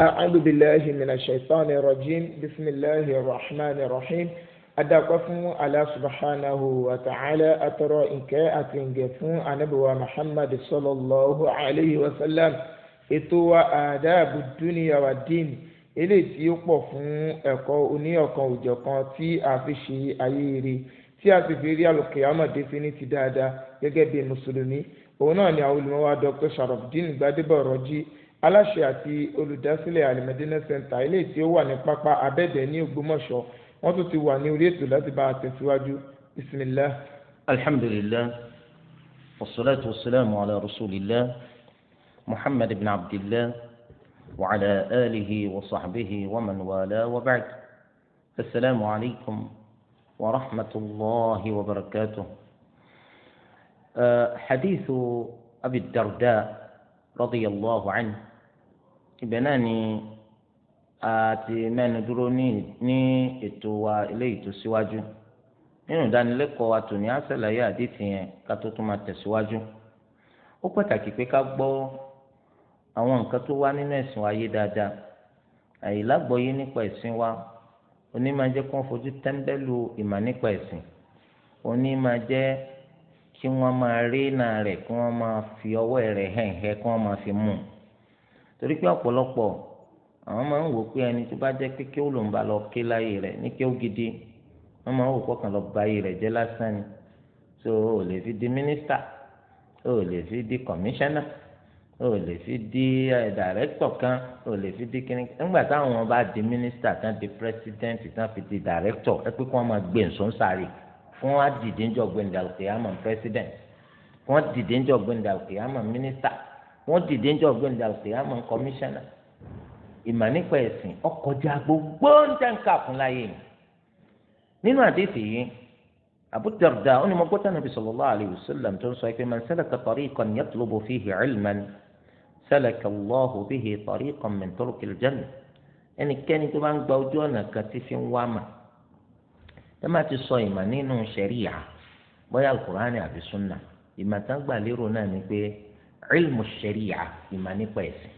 أعوذ بالله من الشيطان الرجيم بسم الله الرحمن الرحيم adakọ fún سبحانه وتعالى wa ta'ala atọrọ ìkẹ́ àti ìgẹ̀ fún anabiwa muhammad sallallahu alayhi wa sallam ètò wa àdáàbò dúnìyà wa dín eléyìí tí ó pọ̀ fún ẹ̀kọ́ oníyọ̀kan òjọ̀kan tí a fi ṣe ayé rí tí a sì fi rí alùkìyàmọ̀ défin ní ti dáadáa gẹ́gẹ́ bí mùsùlùmí òun náà ni àwọn olùmọ̀wá dr sharafdin gbadebo rọ́jí aláṣẹ àti olùdásílẹ̀ alimẹdínà pápá abẹ́dẹ ní ilé tí ó wà ní pápá abẹ́dẹ̀ ní Ògbómọ̀ṣọ́ wọ́n tún ti wà ní orí ètò láti bá a tẹ̀síwájú bisimilá. alhamdulilah wasalaatu wasalaamu ala rasulillah muhammad ibn abdillah wa ala alihi wa saxbihi wa man wala wa ba'd asalaamu alaykum wa rahmatulahi wa barakatuh. حديث أبي الدرداء رضي الله عنه Ibe náà ni a ti mẹ́nu dúró ní ètò wa eléyìí tó síwájú nínú ìdánilẹ́kọ̀ọ́ wa tòní á yẹn ká tó tún máa tẹ̀síwájú ó pàtàkì pé ká gbọ́ àwọn nǹkan tó wá nínú wa yé dáadáa àyílágbọ́yé nípa ẹ̀sìn wa oní máa jẹ́ kó fojú tẹ́ńbẹ́lú ìmọ̀ nípa ẹ̀sìn oní máa kí máa rí náà kí fi kí máa fi mú torí pé ọ̀pọ̀lọpọ̀ àwọn máa ń wò pé ẹni tó bá jẹ́ pé kí ó lòún bá lọ ké láyé rẹ̀ ní kí ó gidi wọ́n máa ń wò pọ̀kàn lọ ba ayé rẹ̀ jẹ́ lásán ni so o lè fi di mínísítà o lè fi di kọ̀míṣánná o lè fi di dàrẹ́tọ̀ kan o lè fi di kíni nígbà táwọn bá di mínísítà tán di pírẹsidẹ́ǹtì tán fi di dàrẹ́tọ̀ ẹ pé kí wọ́n máa gbé nsọ́nsárì fún wa dìde ńjọ gbẹ̀ndàlùkè àmọ́ pírẹsidẹ́ǹtì fún wa dìde ńjọ gbẹ̀ndàlùkè àmọ́ mínísítà wọ́n dìde ń jọ ọ̀gbẹ́ni dàgbé àmọ́ kọmíṣánná ìmọ̀ nípa ẹ̀sìn ọkọjà gbogbo ń tẹ̀ka fún láyé mi nínú àdéhùn yìí Abu Darda ó ní mo gbọ́dọ̀ nàbì sallallahu alayhi wa sallam tó ń sọ pé man salaka tariqan yatlubu fihi ilman salaka Allahu bihi tariqan min turuqil janna ẹnikẹ́ni tó bá ń gba ojú ọ̀nà kan tí fi ń wá mà ẹ má ti sọ ìmọ̀ nínú ṣẹ̀ríyà bóyá alukur'ani àbí sunna ìmọ̀ tán gbà lérò náà ni pé ilmu sharia ìmà nípa ẹ̀sìn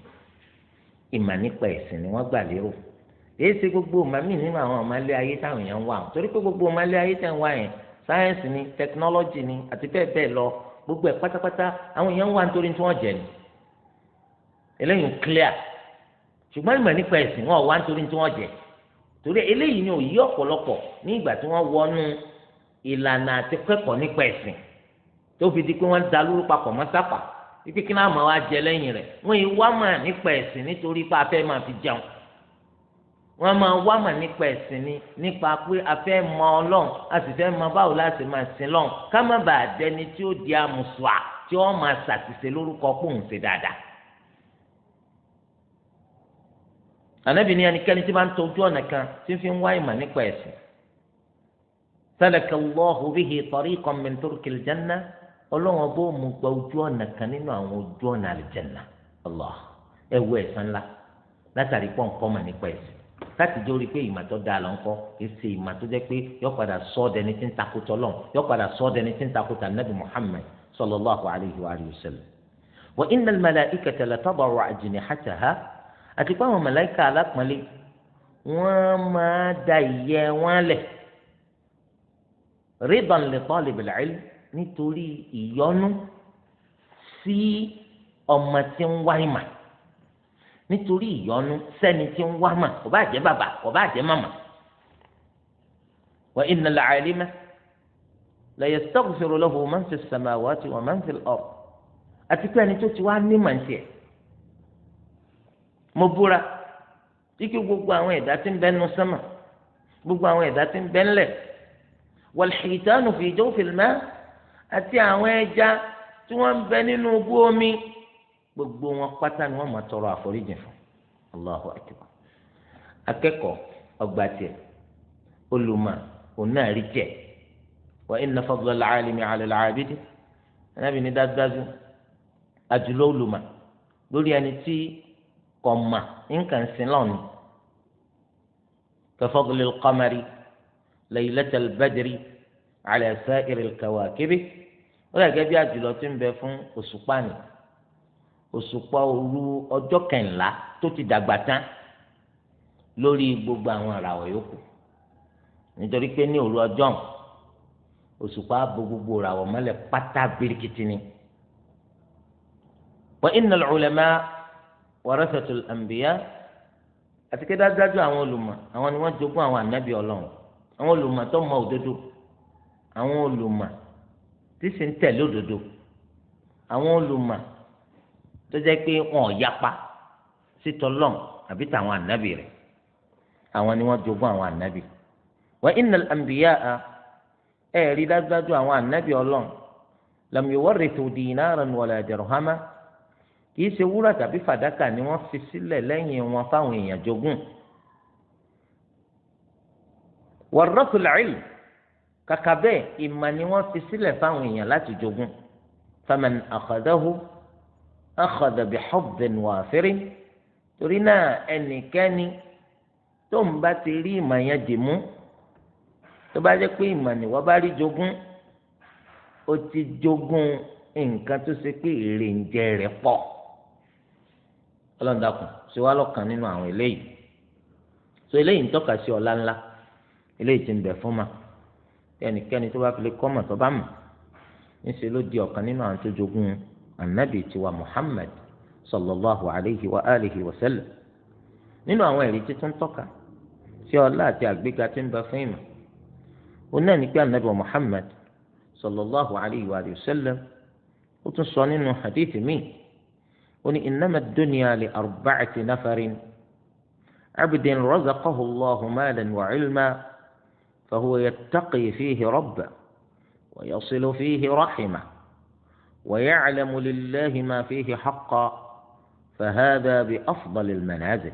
ìmà nípa ẹ̀sìn ni wọ́n gbà lérò èyí ṣe gbogbo màmí nínú àwọn ọmọlé ayé táwọn èèyàn ń wà torí pé gbogbo ọmọlé ayé tẹ̀ ń wá yẹn sáyẹ́nsì ni tẹkinọ́lọ́jì ni àti bẹ́ẹ̀ bẹ́ẹ̀ lọ gbogbo ẹ̀ pátápátá àwọn èèyàn ń wá nítorí tí wọ́n jẹ ni eléyìí clear ṣùgbọ́n ìmọ̀ nípa ẹ̀sìn wọn wá nítorí tí wọ́n jẹ torí eléyìí ni òyí ọ̀pọ̀lọpọ̀ ní ìgbà tí wọ́n wọnú ìlànà àti kẹ́kọ̀ọ́ nípa ẹ̀sìn tó fi di pé wọ́n da papọ̀ mọ́ sápà títí kí náà máa wá jẹ lẹ́yìn rẹ̀ wọ́n yìí wá mà nípa ẹ̀sìn nítorí pé a fẹ́ máa fi jẹun wọ́n máa wá mà nípa ẹ̀sìn ni nípa pé a fẹ́ mọ ọlọ́run a sì fẹ́ mọ báwo láti máa sin lọ́run ká má bàa dẹni tí ó di àmùsùà tí wọ́n máa ṣàṣìṣe lórúkọ pòun ṣe dáadáa. ànábì ní ẹnikẹ́ni tí máa ń tọ́jú ọ̀nà kan tí fi ń wá ìmọ̀ nípa ẹ̀sìn. salaka Allahu bihi tariqan min turkil janna ọlọ́wọ́n bó mu gba ojú ọ̀nà kan nínú àwọn ojú ọ̀nà àlìjẹ̀nà Allah ẹ wo ẹ̀san ńlá látàrí pọ̀ nǹkan mọ̀ nípa ẹ̀sìn láti jẹ́ orí pé ìmọ̀ tó dáa lọ ńkọ́ èsì ìmọ̀ tó jẹ́ pé yọ padà sọ ọ́ dẹni tí ń takùtà Ọlọ́run yọ padà sọ ọ́ dẹni tí ń takùtà Nabi Muhammad sallallahu alayhi wa sallam wa innal malaikata latada'u ajnihataha àti pé àwọn màláìka alápọ̀nlé wọ́n máa da ìyẹ́ wọn lẹ̀ ridan li talibil ilm nítorí ìyọnu sí ọmọ tí ń wá ìmà nítorí ìyọnu sẹ́ni tí ń wá mà kò bá jẹ́ bàbá kò bá jẹ́ màmá wa inna al-alima la yastaghfiru lahu man fi as-samawati wa man fi al-ard àti pé ẹni tó ti wá ní màǹtì ẹ̀ mo búra kíkí gbogbo àwọn ẹ̀dá tí ń bẹ nu sánmà gbogbo àwọn ẹ̀dá tí ń bẹ ńlẹ̀ wal-hitanu fi jawfi al àti àwọn ẹja tí wọ́n ń bẹ nínú bú omi gbogbo wọn pátá ni wọ́n máa tọrọ àforíjì fún Allahu akbar akẹ́kọ̀ọ́ ọgbà tiẹ̀ olùmọ̀ òun náà rí tiẹ̀ wa inna fadla al-alimi ala al-abidi ẹnabi dájúdájú àjùlọ olùmọ̀ lórí ẹni tí kò mà nǹkan sin lọ́nà ka fadli al-qamari laylatal badri ala sa'iril kawakibi ó dàgẹ́ bí àjùlọ tí ń bẹ fún òṣùpá ni òṣùpá òru ọjọ́ kẹ̀ńlá tó ti dàgbà tán lórí gbogbo àwọn ìràwọ̀ yòókù nítorí pé ní òru ọjọ́ òṣùpá bo gbogbo ìràwọ̀ mọ́lẹ̀ pátá birikiti ni. wa innal ulama warasatul anbiya àti kí dájúdájú àwọn olùmọ̀ àwọn ni wọ́n jogún àwọn ànábì ọlọ́run àwọn olùmọ̀ tó mọ òdodo àwọn olùmọ̀ tí sì ń tẹ̀lé òdodo àwọn olùmọ̀ tó jẹ́ pé wọn ò yapa sí tọlọ́n àbí tàwọn ànábì rẹ̀ àwọn ni wọ́n jogún àwọn ànábì wa innal anbiya ẹ̀ rí dájúdájú àwọn ànábì ọlọ́run lam yuwarrithu dinaran wala dirhama kìí ṣe wúrà tàbí fàdákà ni wọ́n fi sílẹ̀ lẹ́yìn wọn fáwọn èèyàn jogún warrathul ilm kàkà bẹ́ẹ̀ ìmọ̀ ni wọ́n fi sílẹ̀ fáwọn èèyàn láti jogún faman akhadahu akhadha bi hubbin wafirin torí náà ẹnikẹ́ni tó ń bá ti rí ìmọ̀ yẹn dì mú tó bá jẹ́ pé ìmọ̀ ni wọ́n bá rí jogún ó ti jogún nǹkan tó ṣe pé èrè ń jẹ rẹ̀ pọ̀ ọlọ́dàkùn ṣe wá lọ́kàn nínú àwọn eléyìí so eléyìí ń tọ́ka sí ọlá ńlá eléyìí ti ń bẹ fún ma ẹnikẹ́ni tó bá fi lè kọ́ mọ̀ tó bá mọ̀ níṣẹ́ ló di ọ̀kan nínú àwọn tó jogún anabi tiwa muhammad sallallahu alayhi wa alihi wa sallam nínú àwọn ẹ̀rí títún tọ́ka sí ọlá àti àgbéga tí ń bẹ fún ìmọ̀ ó náà ní pé anabi muhammad sallallahu alayhi wa sallam ó tún sọ nínú hadithi míì ó ní innama dunya li arba'ati nafarin abdin razaqahu allahu malan wa ilma. فهو يتقي فيه ربه ويصل فيه رحمه ويعلم لله ما فيه حقا فهذا بافضل المنازل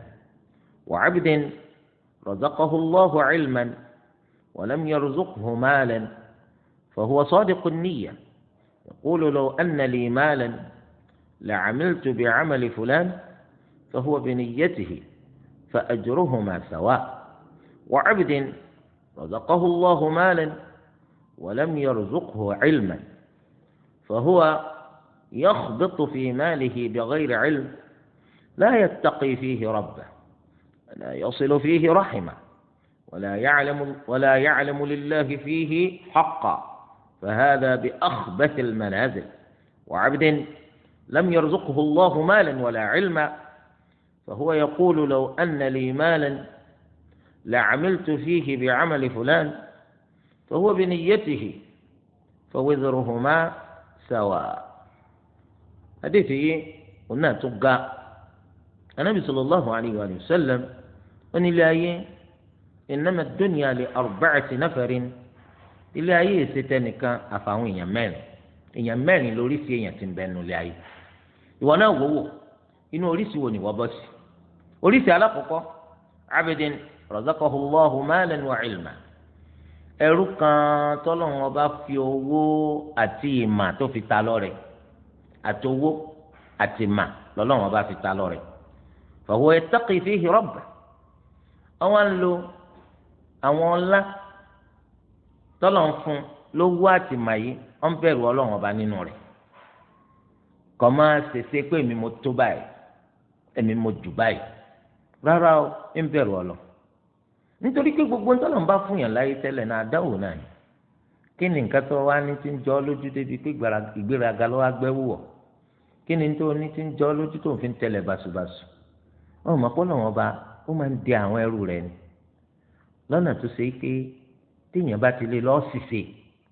وعبد رزقه الله علما ولم يرزقه مالا فهو صادق النيه يقول لو ان لي مالا لعملت بعمل فلان فهو بنيته فاجرهما سواء وعبد رزقه الله مالا ولم يرزقه علما فهو يخبط في ماله بغير علم لا يتقي فيه ربه ولا يصل فيه رحمه ولا يعلم ولا يعلم لله فيه حقا فهذا بأخبث المنازل وعبد لم يرزقه الله مالا ولا علما فهو يقول لو أن لي مالا لعملت فيه بعمل فلان فهو بنيته فوزرهما سواء حديثه قلنا تبقى النبي صلى الله عليه وآله وسلم أن إلهي إنما الدنيا لأربعة نفر إلهي ستنك أفاهم يمين يمين لوريس يتنبين إلهي وأنا أقول إنه أوريس وني وبس أوريس على قوة عبد razaqahu Allahu malan wa ilma ẹrú kan tọ́lọ́run ọba fi owó àti ìmà tó fi ta lọ́rẹ àti owó àti ìmà lọ́lọ́run ọba fi ta lọ́rẹ fa huwa yattaqi fihi rabbah àwọn ń lo àwọn ọlá tọ́lọ́run fún lówó àti ìmà yìí ó ń bẹ̀rù ọlọ́run ọba nínú rẹ̀ kọ́ máa ṣèṣe pé èmi mo tó báyìí èmi mo jù báyìí rárá o ń bẹ̀rù ọlọ́run. nítorí pé gbogbo ntọ́nà ń bá fún yàn láyé tẹ́lẹ̀ náà àdáwò náà ni kí ni nǹkan tó wá ní ti ń jọ lójú débi pé ìgbéraga ló wá kí ni tó ní ti ń jọ lójú tó ń fi tẹ́lẹ̀ basubasu wọn ò ba ó máa ń di àwọn ẹrù rẹ̀ ni lọ́nà tó ṣe pé téèyàn bá ti lé lọ́ọ́ ṣìṣe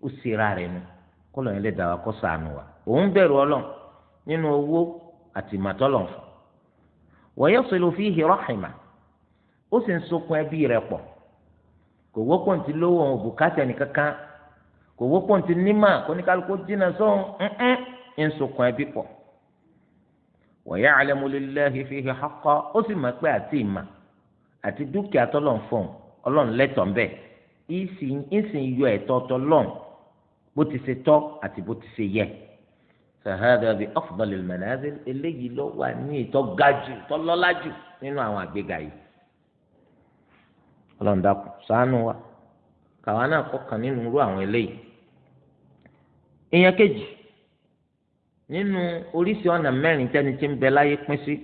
ó ṣera ó sì ń sokun ẹbí rẹ̀ pọ̀ kò wọ́pọ̀ ntí lówó òun bùkátà nìkankan kò wọ́pọ̀ ntí nímà kóníkálukú jìnnà sóhun ǹǹ ń sokun ẹbí pọ̀ wa ya'lamu lillahi fihi haqqa ó sì mọ̀ pé àti ìmà àti dúkìá tọ́lọ̀ ń fọ̀n ọlọ́run lẹ́tọ̀ ń bẹ̀ ìsìn yọ ẹ̀tọ́ tọ́lọ́n bó ti ṣe tọ́ àti bó ti ṣe yẹ fahadà bi afdalil manazil eléyìí ló wà ní ìtọ́ gajù tọ́lọ́lájù nínú àwọn àgbéga yìí ọlọ́run dákun ṣàánú wa kàwa náà kọkàn nínú irú àwọn eléyìí ìyẹn kejì nínú oríṣi ọ̀nà mẹ́rin tẹ́ni tí ń bẹ láyé pín sí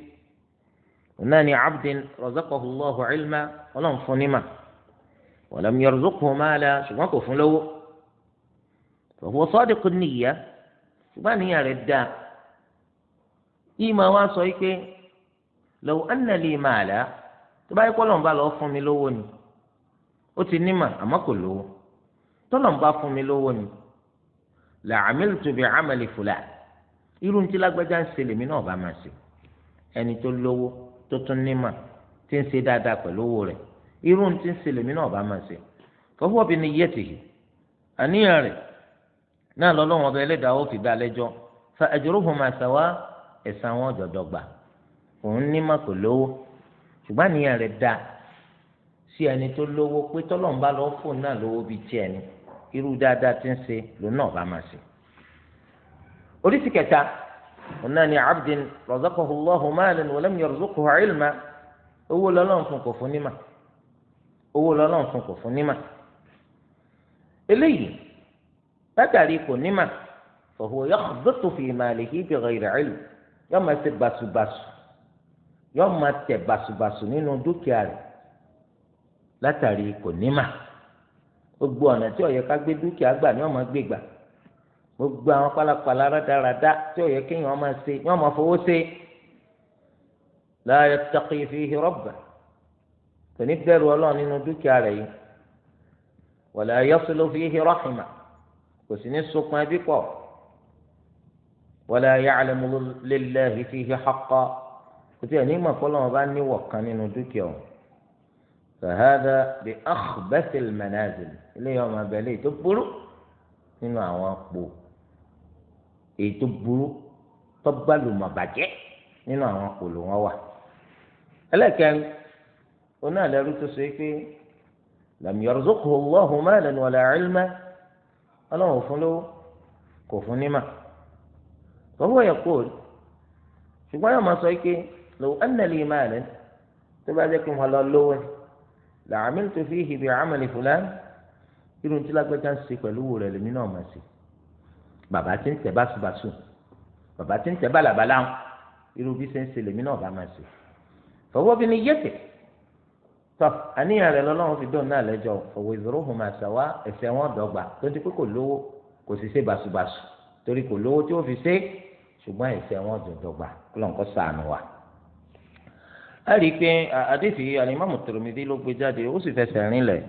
náà ni abdin razaqahu Allahu ilma ọlọ́run fún ní mà walam yarzuqhu mala ṣùgbọ́n kò fún lówó fa huwa sadiqun niyya ṣùgbọ́n àníyàn rẹ̀ dáa ìmọ̀ wa sọ yìí pé law anna li mala tó báyìí kọ́ lọ́nba lọ́ọ́ fún mi lówó ni ó ti nímà àmọ́ kò lówó tọ́lọ̀ ń bá fún mi lówó ni làmìlítù bí amẹ́lì fúlà irú ní tí lágbájá ń ṣe lèmi náà bá máa ṣe ẹni tó lówó tó tún nímà tí ń ṣe dáadáa pẹ̀lú owó rẹ̀ irú ní tí ń ṣe lèmi náà bá máa ṣe kọ́fọ́ bí ni yẹ́tì yìí àníyàn rẹ̀ náà lọ́lọ́wọ́n ọba ẹlẹ́dàá ó fi dá lẹ́jọ́ fa ajruhuma sawa ẹ̀san wọn jọ̀dọ̀ gbà òun nímà kò lówó ṣùgbọ́n àníyàn rẹ̀ dáa sí ẹni tó lówó pé tọ́lọ́run bá lọ́ọ́ fóun náà lówó bíi tiẹ̀ ni irú dáadáa ti ń ṣe lòun náà bá máa ṣe. oríṣi kẹta òun náà ni abdin razaqahu Allahu malan wa lam yarzuqhu ilma owó lọ́lọ́run fún kò fún nímà owó lọ́lọ́run fún kò fún nímà eléyìí látàrí kò nímà fahuwa yakhbitu fi malihi bighayri ilm yọ́ọ́ máa ṣe bàṣubàṣu yọ́ọ́ máa tẹ̀ bàṣubàṣu nínú dúkìá rẹ̀ látàrí kò nímà gbogbo ọ̀nà tí ó yẹ ká gbé dúkìá gbà ni wọ́n máa gbé gbà gbogbo àwọn pálapàla rádaràda tí ó yẹ kéèyàn máa ṣe ni wọ́n máa fowó ṣe la yattaqi fihi rabbah kò ní bẹ̀rù ọlọ́run nínú dúkìá rẹ̀ yìí wala yaslu fihi rahima kò sì ní sokun ẹbí pọ̀ wala ya'lamu lillahi fihi haqqa kò tí ẹ̀ ní ìmọ̀ fọlọ́run fàhádà bí akhbathil manazil eléyìí ọmọ abẹ́lé ètò burú nínú àwọn àpò ètò burú tọ́gbàlùmọ̀bàjẹ́ nínú àwọn àpò ló wọ́n wà. ẹlẹ́kẹ̀rin oní àlẹ́rú tó ṣe pé lam yarzuqhu Allahu malan wala ilman ọlọ́run fún lówó kò fún ní mà. فهو يقول ṣùgbọ́n yóò máa sọ pé law anna li malan tó bá jẹ́ kí n wà lọ lówó ẹ̀ làmìlítò fi hìbì àmàlì fúlàní irun tí lágbẹ́jà ń ṣe pẹ̀lú wò rẹ̀ lèmi náà mà sí bàbá tí ń tẹ̀ báṣubàṣu bàbá tí ń tẹ̀ bàlàbàlà irun bí ṣe ń ṣe lèmi náà bá mà sí fọwọ́ bí ni yẹ́tẹ̀ tọ àníyàn rẹ lọ́lọ́run fi dóun náà lẹ́jọ́ òwò hùn máa ṣàwá ẹ̀ṣẹ̀ wọn dọ́gba tó ti pé kò lówó kò sì ṣe báṣubàṣu torí kò lówó tí ó fi ṣe ṣùgbọ́n ẹ̀ṣẹ̀ wọn dọ́gba kí kọ́ ẹ̀rí pé àdéhì alimami Tirmidhi ló gbé jáde ó sì fẹsẹ̀ rinlẹ̀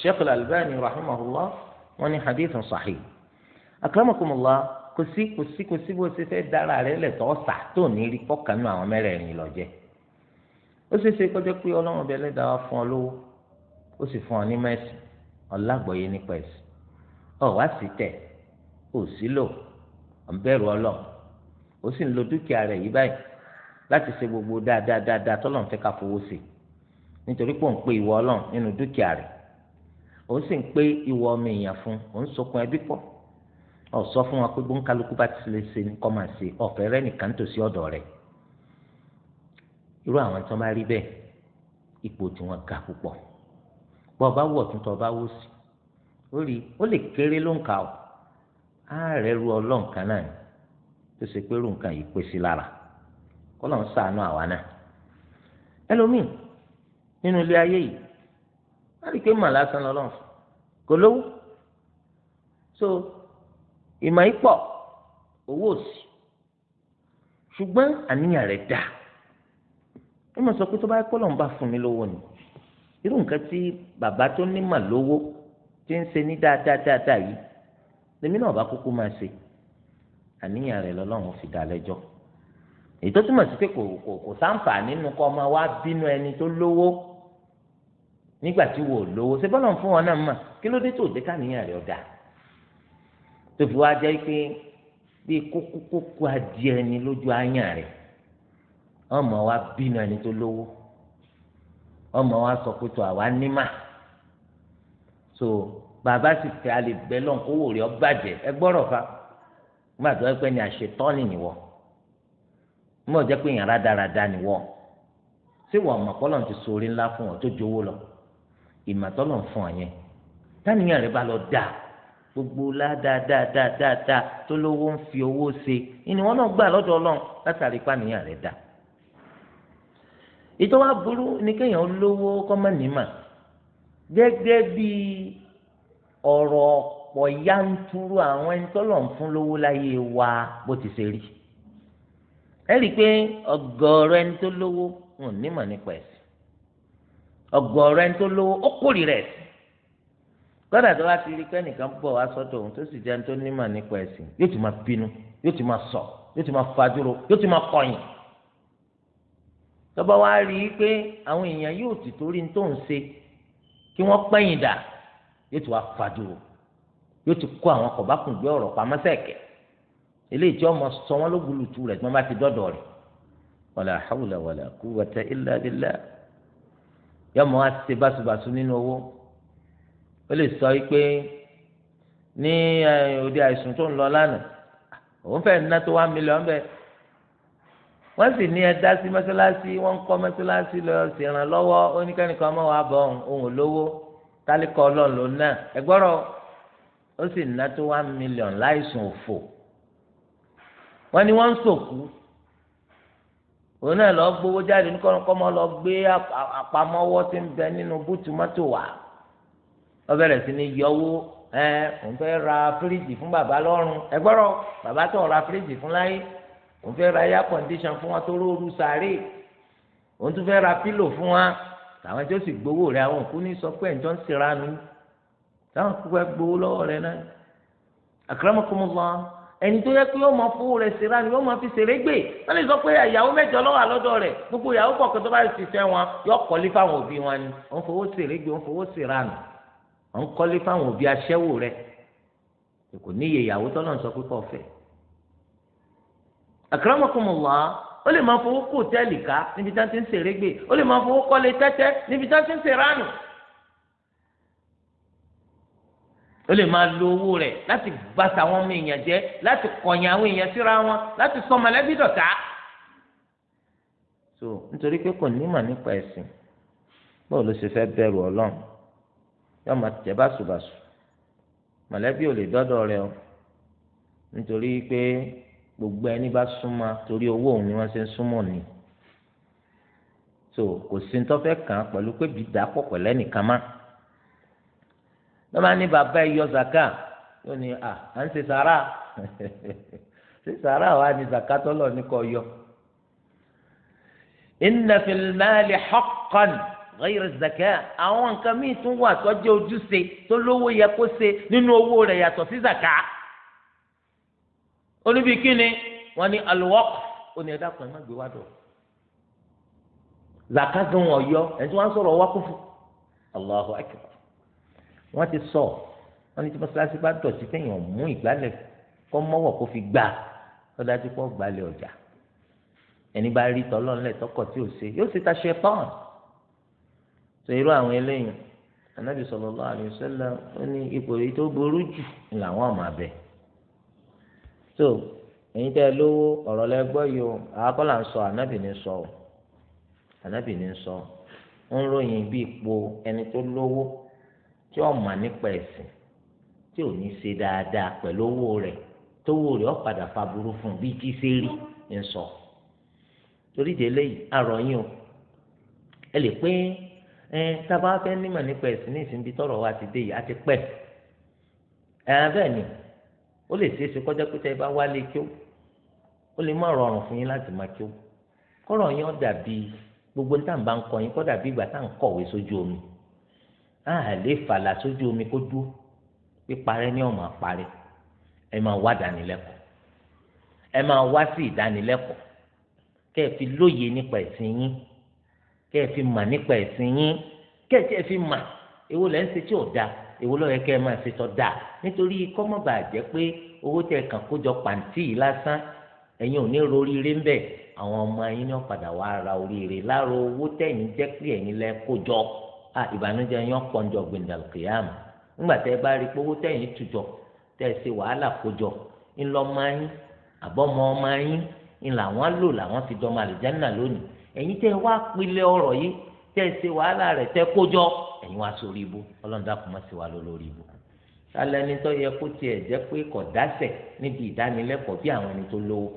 Sheikh Al-Albani rahimahullah wọ́n ní hadith sahih akramakumullah kò sí kò sí kò sí bó ṣe fẹ́ dára rẹ̀ lẹ̀ tọ́ sà tó ní rí kọ́kànú àwọn mẹ́rẹ̀ẹ̀rin lọ jẹ́ ó ṣe é ṣe kọjá pé ọlọ́run ọbẹ̀ lẹ́dàá wa fún ọ lówó ó sì fún ọ ní mẹ́sì ọ̀làgbọ̀yé nípa ẹ̀sìn ọ wá sí tẹ̀ ó sì lò ọ̀ ń bẹ̀rù ọlọ́run ó sì ń lo dúkìá rẹ̀ yí báyìí láti ṣe gbogbo dáadáa dáadáa tọ́lọ́n fẹ́ ká fowó sí nítorí pé òun pé ìwọ ọlọ́run nínú dúkìá rẹ̀ òun sì ń pé ìwọ ọmọ èèyàn fún òun sọkun ẹbí pọ̀ ọ̀ sọ fún wa pé gbóńkálukú bá ti lè ṣe kọ́ máa ṣe ọ̀fẹ́ rẹ̀ nìkan tòsí ọ̀dọ̀ rẹ̀ irú àwọn tó bá rí bẹ́ẹ̀ ipò tí wọ́n ga púpọ̀ bọ́ ọ bá wọ̀ tún tọ́ ọ bá wò sí ó rí ó lè kéré ló ń kà ó ààrẹ ru ọlọ́ǹkan náà tó ṣe pé rú yìí pèsè lára kó lọ́n sànú àwa náà ẹlòmíì nínú ilé ayé yìí wọ́n rí pé mà lásán lọ́lọ́ kò lówó so ìmọ̀ yìí pọ̀ owó òsì ṣùgbọ́n àníyàn rẹ̀ dáa ó mọ̀ sọ pé tó bá yẹ kó lọ́n bá fún mi lówó ni irú nǹkan tí bàbá tó ní mà lówó tí ń ṣe ní dáadáa dáadáa yìí lèmi náà bá kúkú máa ṣe àníyàn rẹ̀ lọ́lọ́run fi dá lẹ́jọ́ èyí tó túmọ̀ sí pé kò kò kò sáǹfà nínú kọ́ ọmọ wa bínú ẹni tó lówó nígbà tí wò lówó ṣé bọ́lọ̀ ń fún wọn náà mà kí ló dé tó dé káníyàn rẹ̀ ọ̀dà tó fi wá jẹ́ pé bí kókókókó adìẹ ni lójú ayàn rẹ̀ ọmọ wa bínú ẹni tó lówó ọmọ wa sọ pé tó àwa nímà so bàbá sì fẹ́ alẹ́ bẹ́ẹ̀ lọ́nkówó rẹ̀ ọ bàjẹ́ ẹ gbọ́rọ̀ fa gbàdúrà pé ni àṣetọ́ nìyí wọ̀ mọ̀ jẹ́ pé èèyàn rádaràda ni wọ́ ṣé wọ́n mọ̀ pọ́lọ́ ti sori ńlá fún ọ tó jowó lọ ìmọ̀tọ́lọ̀ ń fún ọ yẹn táníyàn rẹ bá lọ dáa gbogbo ládáadáadáa tó lówó ń fi owó ṣe ìní wọn náà gbà lọ́dọ̀ Ọlọ́run látàrí pàníyàn rẹ dáa ìtọ́wá burú ni kéèyàn lówó kọ́mọ́nìmà gẹ́gẹ́ bí ọ̀rọ̀ ọ̀pọ̀ yanturu àwọn ẹni tọ́lọ̀ ń fún lówó láyé wa bó ti ṣe rí. ẹ rí i pé ọ̀gọ̀ọ̀rọ̀ ẹni tó lówó wọn ò nímọ̀ nípa ẹ̀sìn ọ̀gọ̀ọ̀rọ̀ ẹni tó lówó ó kórìíra ẹ̀sìn gbọ́dọ̀ tó bá ti rí kẹ́nìkan bọ̀ wá sọ́dọ̀ òun tó sì jẹ́ ẹni tó sọ yóò ti máa yóò ti máa wá rí i pé àwọn èèyàn yóò ti torí tó ń ṣe kí wọ́n pẹ́yìn dà yóò ti wá yóò eléyìí tí ọmọ sọ wọn lógulutu rẹ̀ tí wọ́n bá ti dọ́dọ̀ rẹ̀ wàlà hàwùlà wàlà kúwàtà ìlà bíllà yọmọ wa ṣe báṣubàṣu nínú owó ó lè sọ pé ní òde àìsùn tó ń lọ lánàá òun fẹ́ẹ́ ná tó wá mílíọ̀nù bẹ́ẹ̀ wọ́n sì ní ẹ̀dá sí mọ́sálásí wọ́n ń kọ́ mọ́sálásí lọ sí ìrànlọ́wọ́ oníkẹ́nìkan ọmọ wa bọ̀ ohun olówó tálíkọ́ ọlọ́run lòun náà ó sì ná tó one million láìsùn òfò wọ́n ní wọ́n ń sòkú òun náà lọ gbowó jáde ní kọ́nukọ́mọ lọ gbé àpamọ́wọ́ tí ń bẹ nínú bútu mọ́tò wà wọ́n bẹ̀rẹ̀ sí ní yọwó ẹ òun fẹ́ ra fíríjì fún bàbá lọ́rùn ẹgbọ́rọ̀ bàbá tó ra fíríjì fún láyé òun fẹ́ ra air condition fún wọn tó róoru sàárè òun tún fẹ́ ra pílò fún wa tàwọn tó sì gbowó rẹ àwọn òkú ní sọ pé ẹ̀ ń jọ ń táwọn kúkú ẹ gbowó lọ́wọ́ rẹ náà àkàràmọ́kọ́mọ́ lọ́wọ́ ẹni tó yẹ pé yóò máa fowó rẹ̀ ṣe rání yóò máa fi ṣeré gbè wọ́n lè sọ pé ìyàwó mẹ́jọ lọ́wọ́ àlọ́dọ̀ rẹ̀ gbogbo ìyàwó kọ̀ọ̀kan tó bá ti fẹ́ wọn yọ kọ́lé fáwọn òbí wọn ni wọ́n fowó ṣeré gbè wọ́n fowó ṣe rání wọ́n kọ́lé fáwọn òbí aṣẹ́wó rẹ̀ kò ní iye ìyàwó tọ́lọ́ sọ pé kọ́ fẹ́. akramakumullah ó lè máa fowó kó hòtẹ́ẹ̀lì ká níbi tá ó lè máa lo owó rẹ̀ láti gba tàwọn ọmọ èèyàn jẹ́ láti kọ̀yìn àwọn èèyàn síra wọn láti sọ mọ̀lẹ́bí dọ̀tá. so nítorí pé kò nímọ̀ nípa ẹ̀sìn báwo ló ṣe fẹ́ bẹ̀rù ọlọ́run yóò máa tẹ̀ báṣubàṣu mọ̀lẹ́bí ò lè dọ́dọ̀ rẹ o nítorí pé gbogbo ẹni bá súnmọ́ torí owó òun ni wọ́n ṣe ń súnmọ́ ni so kò sí ní tó fẹ́ kàn án pẹ̀lú pé bìdà pọ̀ pẹ̀lẹ́ máa wọ́n máa ní bàbá ẹ̀yọ zaka yóò ní à à ń ṣe sàrà ṣe sàrà wa ni zaka tọ́lọ̀ ní kò yọ. inna fil mali haqqan ghayr zaka àwọn nǹkan míì tún wà tọ́jú ojúṣe tó lówó yẹ kó ṣe nínú owó rẹ̀ yàtọ̀ sí zaka. oníbi kíni wọ́n ní alwaqf ó ní kan ẹ̀ gbé wá dọ̀ zaka gan ọ̀yọ́ ẹ̀ tí wọ́n á sọ̀rọ̀ wákùfù Allahu akbar wọ́n ti sọ wọ́n ní tí mọ́ṣáláṣí bá dọ̀tí kéèyàn mú ìgbálẹ̀ kọ́ mọ́wọ́ kó fi gbà ó dájú pé ọ̀gbálẹ̀ ọjà ẹni bá rí tọ́lọ́nlẹ̀ tọkọ̀ tí ò ṣe yóò ṣe ta ṣe pọ́n tó irú àwọn eléyìí anábì sallallahu alaihi wasallam ó ní ipò èyí tó burú jù làwọn ọmọ abẹ tó ẹ̀yin tẹ́ lówó ọ̀rọ̀ lẹ́gbọ́ yìí o àákọ́là ń sọ ànábì ní sọ ànábì ní sọ ń ròyìn bí ipò ẹni tó lówó tí ó mà nípa ẹ̀sìn tí ò ní ṣe dáadáa pẹ̀lú owó rẹ̀ tówó rẹ̀ ó padà fa burú fún un bí tí ṣe rí ń sọ torí délé yìí àrọ̀ yín o ẹ lè pé ẹ tábà fẹ́ nímọ̀ nípa ẹ̀sìn ní ìsìn bí tọ̀rọ̀ wa ti dé yìí á ti pẹ́ ẹ bẹ́ẹ̀ ni ó lè ṣeé ṣe kọjá pé tẹ́ ẹ bá wálé kí ó ó lè má rọrùn fún yín láti máa kí ó kọ́rọ̀ yín ó dàbí gbogbo ní tá à ń bá ń kọ yín kọ́ dàbí ìgbà tá à ń kọ̀wé sójú omi àà lè fàlà sójú omi kó dúró píparẹ́ ní ọ̀mọ̀ àparẹ́ ẹ máa wá dánilẹ́kọ̀ọ́ ẹ máa wá sí ìdánilẹ́kọ̀ọ́ kẹ́ ẹ fi lóye nípa ẹ̀sìn yín kẹ́ ẹ fi mà nípa ẹ̀sìn yín kẹ́ ẹ fi mà èwo lẹ́ ń ṣe tí ò dáa èwo ló yẹ kẹ́ ẹ máa ṣe tọ́ dáa nítorí kọ́mọ́bà jẹ́ pé owó tẹ̀ kàn kójọ pàǹtí yìí lásán ẹ̀yin ò ní roríire ń bẹ̀ àwọn ọmọ yín ní ọ̀padà wàá ra oríire lára owó tẹ̀yìn jẹ́ pé ẹ̀yin lẹ́ kójọ a ah, ìbànújẹ́ yẹn pọnjọ gbendal kìyàmù ńgbà tẹ bá rí pé owó tẹ̀yìn tùjọ tẹ ṣe wàhálà kójọ ńlọ máa yín àbọmọ máa yín ńlá wọn lò làwọn fi dọmọ àlùjáná lónìí ẹ̀yin tẹ wá pilẹ̀ ọ̀rọ̀ yìí tẹ ṣe wàhálà rẹ̀ tẹ kójọ ẹ̀yin wá sórí ibu Ọlọ́run dàkú má ṣe wá lórí ibu alẹ́ ni tó yẹ kó tiẹ̀ jẹ́ pé kọ̀ dásẹ̀ níbi ìdánilẹ́kọ̀ọ́ bí àwọn ẹni tó lówó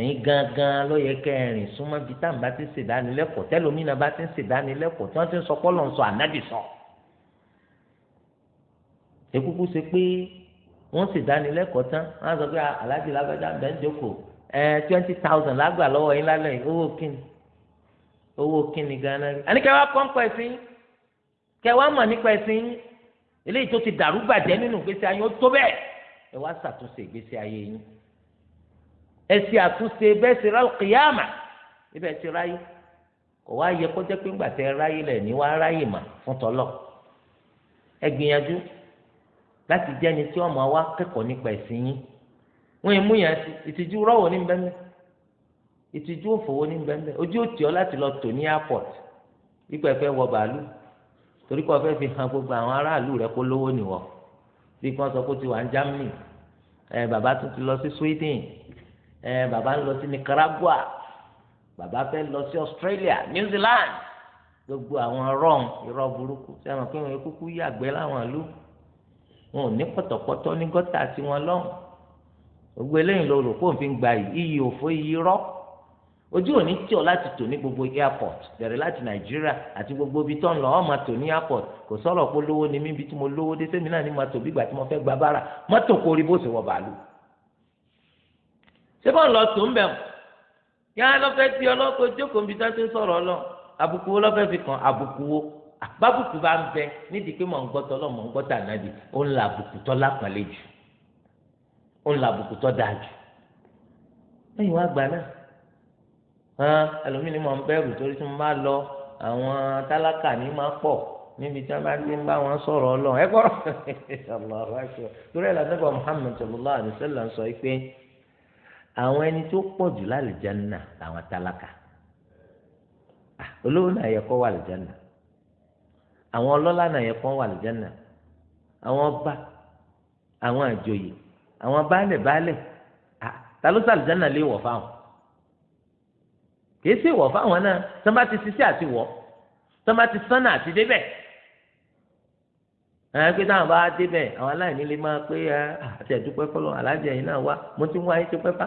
ẹ̀yin gangan ló yẹ kẹrin súnmọ́ bíi táwọn bá ti ṣèdánilẹ́kọ̀ọ́ tẹ́lómìnà bá ti ń ṣèdánilẹ́kọ̀ọ́ tí wọ́n ti ń sọ pọ́lọ́ ń sọ ànábì sọ. ekuku ṣe pé wọ́n ṣèdánilẹ́kọ̀ọ́ tán wọ́n sọ pé ah, aláàjì lágbájá ń bẹ́ twenty thousand lágbà lọ́wọ́ yín lálẹ́ owó kíni owó kíni gánà rí. àní kẹwàá kọ́ ń pẹ́ sí kẹwàá mọ̀ nípa ẹ̀sìn yín eléyìí tó ti dàrú gbàjẹ́ nínú ìgbésí ayé ó tó bẹ́ẹ̀ ẹ wá ṣàtúnṣe ìgbésí ayé yín ẹsẹ àtúnṣe bẹẹ ṣe ráyè kìyàmà ibẹ ṣe ráyè kò wá yẹ kọjá pé ńgbà tẹ ráyè lẹ ní wá ráyè mà fún tọlọ ẹ gbìyànjú láti jẹ ẹni tí ọmọ wa kẹ́kọ̀ọ́ nípa ẹ̀sìn yín wọn yẹn mú yẹn ìtìjú rọwọ ní bẹńbẹ ìtìjú òfòwò ní bẹńbẹ ojú ò tì ọ láti lọ tò ní airport ipò ẹfẹ wọ bàálù torí kò fẹ́ fi hàn gbogbo àwọn aráàlú rẹ kó lówó nìwọ bí kò sọ pé ó ti wà ní Germany ẹ bàbá tó ti lọ sí Sweden ẹ bàbá ń lọ sí Nicaragua bàbá fẹ́ lọ sí Australia New Zealand gbogbo àwọn rọm irọ́ burúkú ṣé àwọn pé wọn kúkú yàgbẹ́ láwọn ìlú wọn ò ní pọ̀tọ̀pọ̀tọ̀ ní gọ́tà tí wọn lọ́hùn gbogbo eléyìí ló rò kó n fi gba iyì òfò iyì rọ́ ojú ò ní tíọ láti tò ní gbogbo airport bẹ̀rẹ̀ láti nàìjíríà àti gbogbo ibi tó ń lọ ọmọ tò ní airport kò sọ̀rọ̀ pé lówó ni mí bí tí mo lówó dé sẹ́mi náà ni mo tò bí ìgbà tí mo fẹ́ gba bára mọ́tò kórìí bó ṣe wọ bàálù ṣé bọ́ọ̀ lọ tó ń bẹ̀ mọ́ yá lọ́fẹ́ bí ọlọ́kọ̀ jókòó níbi tá a ti ń sọ̀rọ̀ lọ àbùkù wo lọ́fẹ́ fi kàn àbùkù wo àbábùkù bá ń bẹ nídìí pé mọ̀ ń gbọ́tọ̀ lọ́ mọ̀ ń gbọ́tà náà di ó ń la àbùkù tọ́ lápàlẹ́ jù ó ń la àbùkù tọ́ dáa jù lẹ́yìn wá gbà náà hàn ẹlòmíní mọ̀ ń bẹ̀rù torí tí mo bá lọ àwọn tálákà ní máa pọ̀ níbi tí wọ́n bá ti ń bá wọn sọ̀rọ̀ ọlọ́run ẹ gbọ́rọ̀ torí ẹ̀ làdẹ́gbọ̀ Muhammad sallallahu alaihi wasallam sọ pé àwọn ẹni tó pọ̀ jù lálùjánnà làwọn tálákà ah, olówó náà yẹ kó wà lùjánnà àwọn ọlọ́lá náà yẹ kó wà lùjánnà àwọn ọba àwọn àjòyè àwọn baálẹ̀ baálẹ̀ ah, ta ló sàlùjánnà lè wọ̀ fáwọn kìí sí ìwọ̀ fáwọn náà tán bá ti ṣiṣẹ́ àti wọ̀ tán bá ti sánà àti débẹ̀ ẹ pé táwọn bá débẹ̀ àwọn aláìní lè máa pé ah, àti ẹ̀dúpẹ́ fọlọ́ alájẹ yìí náà wá mo ti ń wá ayé ti pẹ́ pa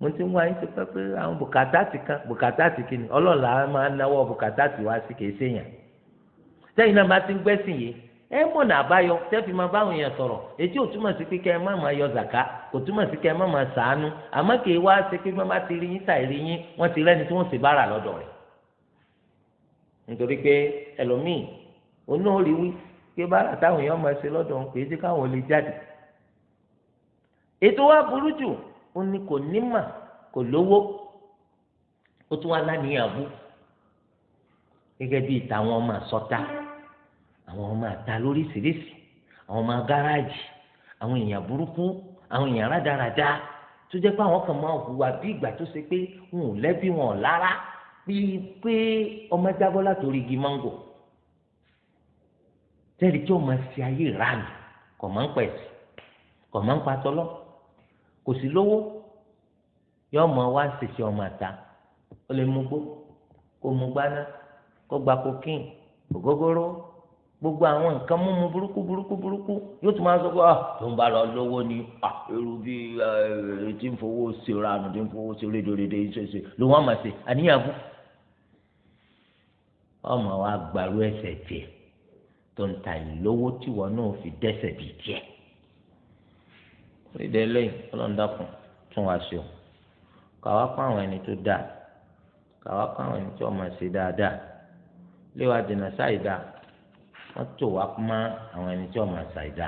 mo ti ń wá yín ahụ pẹ́ àwọn bùkátà ti kan bùkátà ti kí ni ọlọ́run làá máa náwó bùkátà ti wá sí kìí séèyàn sẹ́yìn náà bá ti ń gbẹ́sìn yìí ẹ mọ̀nà àbáyọ tẹ́fì máa bá àwọn èèyàn sọ̀rọ̀ ètí ò túmọ̀ sí pé kẹ́ ẹ má máa yọ zàká kò túmọ̀ sí kẹ́ ẹ má máa sàánú àmọ́ ó ní kò nímà kò lówó ó tún wá lánìyàbú gẹ́gẹ́ bíi tàwọn ọmọ àsọta àwọn ọmọ àta lóríṣiríṣi àwọn ọmọ gáràjì àwọn èèyàn burúkú àwọn èèyàn rádaràda tó jẹ́ pé àwọn kan máa hùwà bí ìgbà tó ṣe pé wọn ò lẹ́bí wọn ò lára bíi pé ọmọ jábọ́ látòrí igi máńgò tẹ́lẹ̀ tí ó máa ṣe ayé ìranù kò máa ń pẹ̀sì kò máa ń patọ́lọ́ kò sí lówó yọ ọmọ wa ń ṣèṣe ọmọ àta ó lè mú gbó kó mú gbaná kó gba kokéèn ògógóró gbogbo àwọn nǹkan múmu burúkú burúkú burúkú yóò tún máa sọ pé ah, tó ń bá lọ lówó ni ah, irú bí eh, eh, tí ń fowó ṣe ranù tí ń fowó ṣe rédèrèdè ṣeṣe ló wọn máa ṣe àníyàn fún ọmọ wa gbàrú ẹsẹ̀ jẹ tó ń ta ìlówó tí wọn náà fi dẹ́ṣẹ̀ bíi tiẹ̀ ìdè lẹ́yìn ọlọ́ndàkùn tún wá sí o kàwá kó àwọn ẹni tó dáa kàwá kó àwọn ẹni tó ọmọ ṣe dáadáa léwà dènà ṣàìdá wọ́n tò wá má àwọn ẹni tó ọmọ ṣàìdá.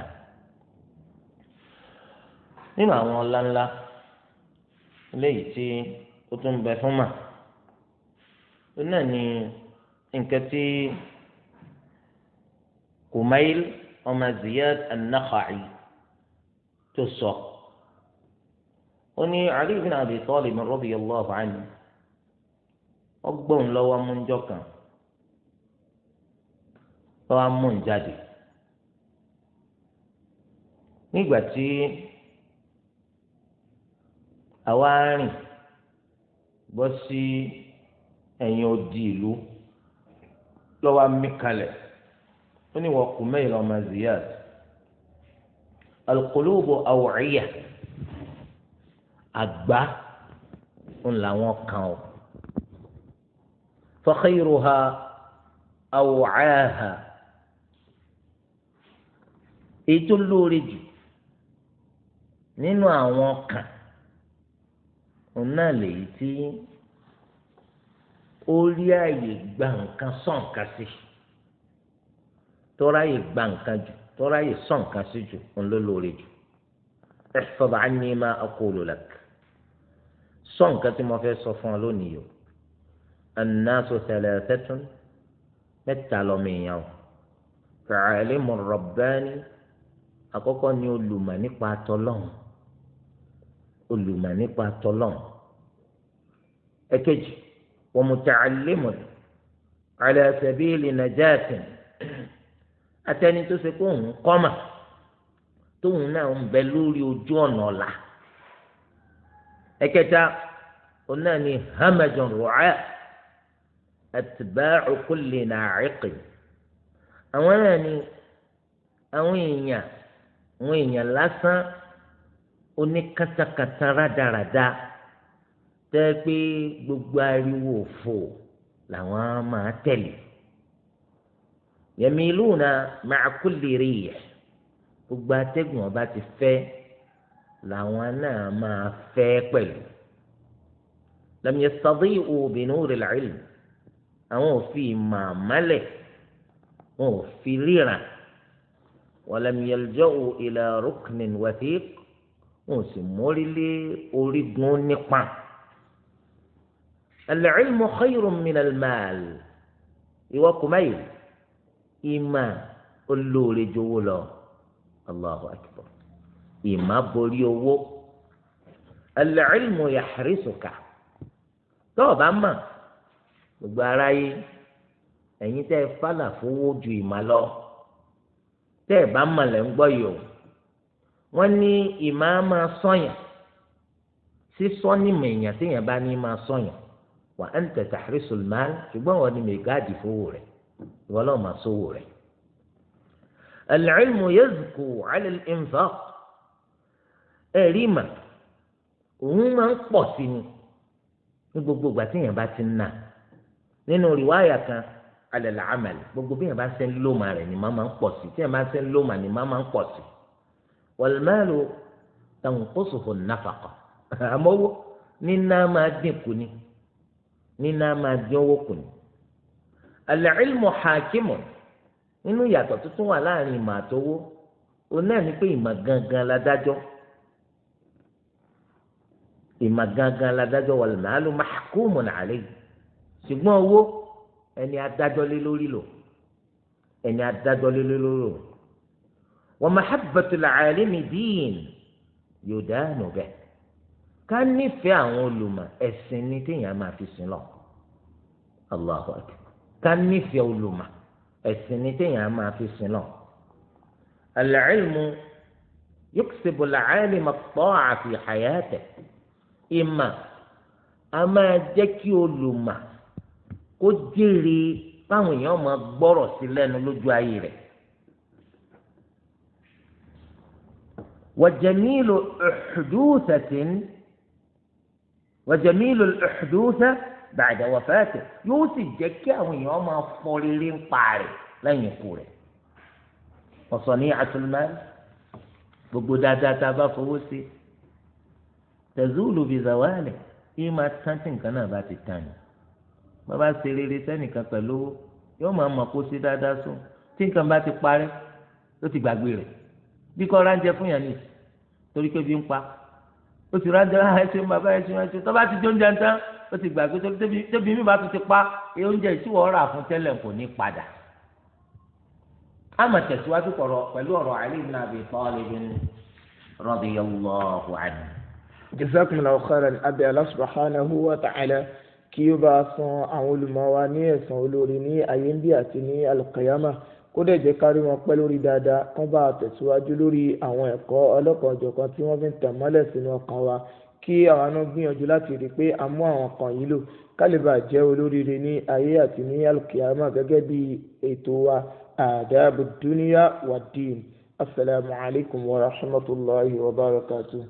nínú àwọn ọláńlá léyìí tí ó tún bẹ fún mà ó náà ní nǹkan tí Kumail ọmọ Ziyad an tó sọ ó ní Ali ibn Abi Talib radiyallahu anhu ọgbọ́n lọ́wọ́ múnjọ́ kan lọ́wọ́ mú nígbà tí àwa rìn bọ́ sí ẹ̀yìn odi ìlú lọ́wọ́ mí ó ní wọ́n kù mẹ́yìn lọ́mọ Ziyad. alukólóbó awòríyà àgbá ń làwọn kan o fakhayruha awòcáha èyí tó lóore jù nínú àwọn kan òun náà lèyí tí ó rí àyè gba nǹkan sọ̀ǹkà sí tó ráyè gba nǹkan jù tọ́ra yìí sàn kan sí jù ń ló lóore jù ihfaz anni ma aqulu lak sàn kan tí mo fẹ́ sọ fún ọ lónìí yìí an-nasu thalathatun mẹ́ta lọ́mọ èèyàn o al-alimu àkọ́kọ́ ni olùmọ̀ nípa tọ́lọ́hún olùmọ̀ nípa tọ́lọ́hún èkejì wa muta'allimun ala sabili najatin. àtẹni tó ṣe pé òun kọ́mà tóun náà ń bẹ lórí ojú ọ̀nà ọ̀la ẹ̀kẹta òun náà ni hamajun ru'a atba'u kulli na'iqin àwọn náà ni àwọn èèyàn àwọn èèyàn lásán tẹ́ gbogbo ariwo òfò làwọn máa tẹ̀lé. yamiluna ma'a kulli rih gbogbo atẹ́gùn ọba ti fẹ́ làwọn náà máa fẹ́ pẹ̀lú lam yastadi'u bi nuril ilm àwọn ò fi ìmọ̀ àmálẹ̀ wọn ò fi ríran walam yalja'u ila ruknin wathiq wọn ò sì mórí orígun nípa. al-ilmu khayrun ìwọ kùmáyìí ìmà olóore jowó lọ allahu akbar ìmà borí owó al-ilmu yahrisuka tọ́ọ̀bá mà gbogbo aráyé ẹ̀yin tẹ́ ẹ fálà fowó ju ìmà lọ tẹ́ ẹ bá mà lẹ́ ń gbọ́ yìí o wọ́n ní ìmà máa sọ̀yàn sísọ ní mẹ̀yàn téèyàn bá ní máa sọ̀yàn wa anta tahrisul mal ṣùgbọ́n wọ́n ní mẹ̀gáàdì fowó rẹ̀ ìwọ náà máa sówó rẹ̀. al-ilmu yazku ala al-infaq ẹ̀rí mà òun máa ń pọ̀ sí ni ní gbogbo ìgbà tí èèyàn bá ti ń nà nínú rìwáyà kan alẹ́ làámẹ̀lẹ̀ gbogbo bí èèyàn bá ṣe ń lóma rẹ̀ ni máa máa ń pọ̀ sí tí èèyàn bá ṣe ń lóma ni máa máa ń pọ̀ sí wàlúmẹ́lò tanqosuhu nafaqa àmọ́ owó níná máa dín kù ni níná máa dín owó kù ni العلم حاكم hakimun nínú ìyàtọ̀ tuntun wà láàrin ìmọ̀ àtowó òun náà ni pé ìmọ̀ gangan ládájọ́ ìmọ̀ gangan ládájọ́ wal-malu mahkumun alayhi ṣùgbọ́n owó ẹni adájọ́ lé lórí lò ẹni adájọ́ lé lórí lò wa mahabbatul alimi din yudanu bih ká nífẹ̀ẹ́ àwọn olùmọ̀ ẹ̀sìn ni téèyàn máa fi sin lọ Allahu akbar. ká nífẹ̀ẹ́ olùmọ̀ ẹ̀sìn ni téèyàn máa fi sin lọ. al-ilmu yuksibu al-alima at-ta'a fi hayatihi ìmọ̀ a máa jẹ́ kí olùmọ̀ kó jèrè báwọn èèyàn máa gbọ́rọ̀ sí lẹ́nu lójú ayé rẹ̀. وجميل الأحدوثة وجميل الأحدوثة ba'da wafatihi yóò sì jẹ́ kí àwọn èèyàn máa fọ rere ń pa rẹ̀ lẹ́yìn ikú rẹ̀ ọ̀sán ní àtúnmáì gbogbo dáadáa tá a bá fowó sí tazulu bi zawali yìí máa tán tí nǹkan náà bá ti tán ni bàbá ṣe rere sẹ́nìkan pẹ̀lú owó yóò máa mọ̀ kó sí dáadáa sùn tí nǹkan bá ti parí ó ti gbàgbé rẹ̀ bí kò ránjẹ fún yàn ní torí pé bí ń pa ó ti ránjẹ ah, ẹṣin bàbá ẹṣin ẹṣin tó bá ti jó ń jẹun tán ó ti gbà pé tóbi mi bá tún ti pa oúnjẹ ìṣúwọ́ rà fún tẹ́lẹ̀ kò ní padà. àmọ̀ tẹ̀síwájú pọ̀rọ̀ pẹ̀lú ọ̀rọ̀ Ali ibn Abi Talib radiyallahu anhu. jazakumullahu khairan abi Allah subhanahu wa ta'ala kí ó bá san àwọn olùmọ̀ wa ní ẹ̀san olórí ní ayé ń bí àti ní alùkàyámà kó dẹ̀ jẹ́ kárí wọn pẹ́ lórí dáadáa kán bá tẹ̀síwájú lórí àwọn ẹ̀kọ́ ọlọ́kan tí wọ́n fi ń tàn sínú ọkàn wa kí àwọn àna gbìyànjú láti rí i pé a mú àwọn kan yìí lò kálíbà jẹ́ olóríire ní ayé àti ní alkiyama gẹ́gẹ́ bí ètò wa àdáàbò dúníyà wà dìín asalaamualeykum wa rahmatulahi wa barakatuh.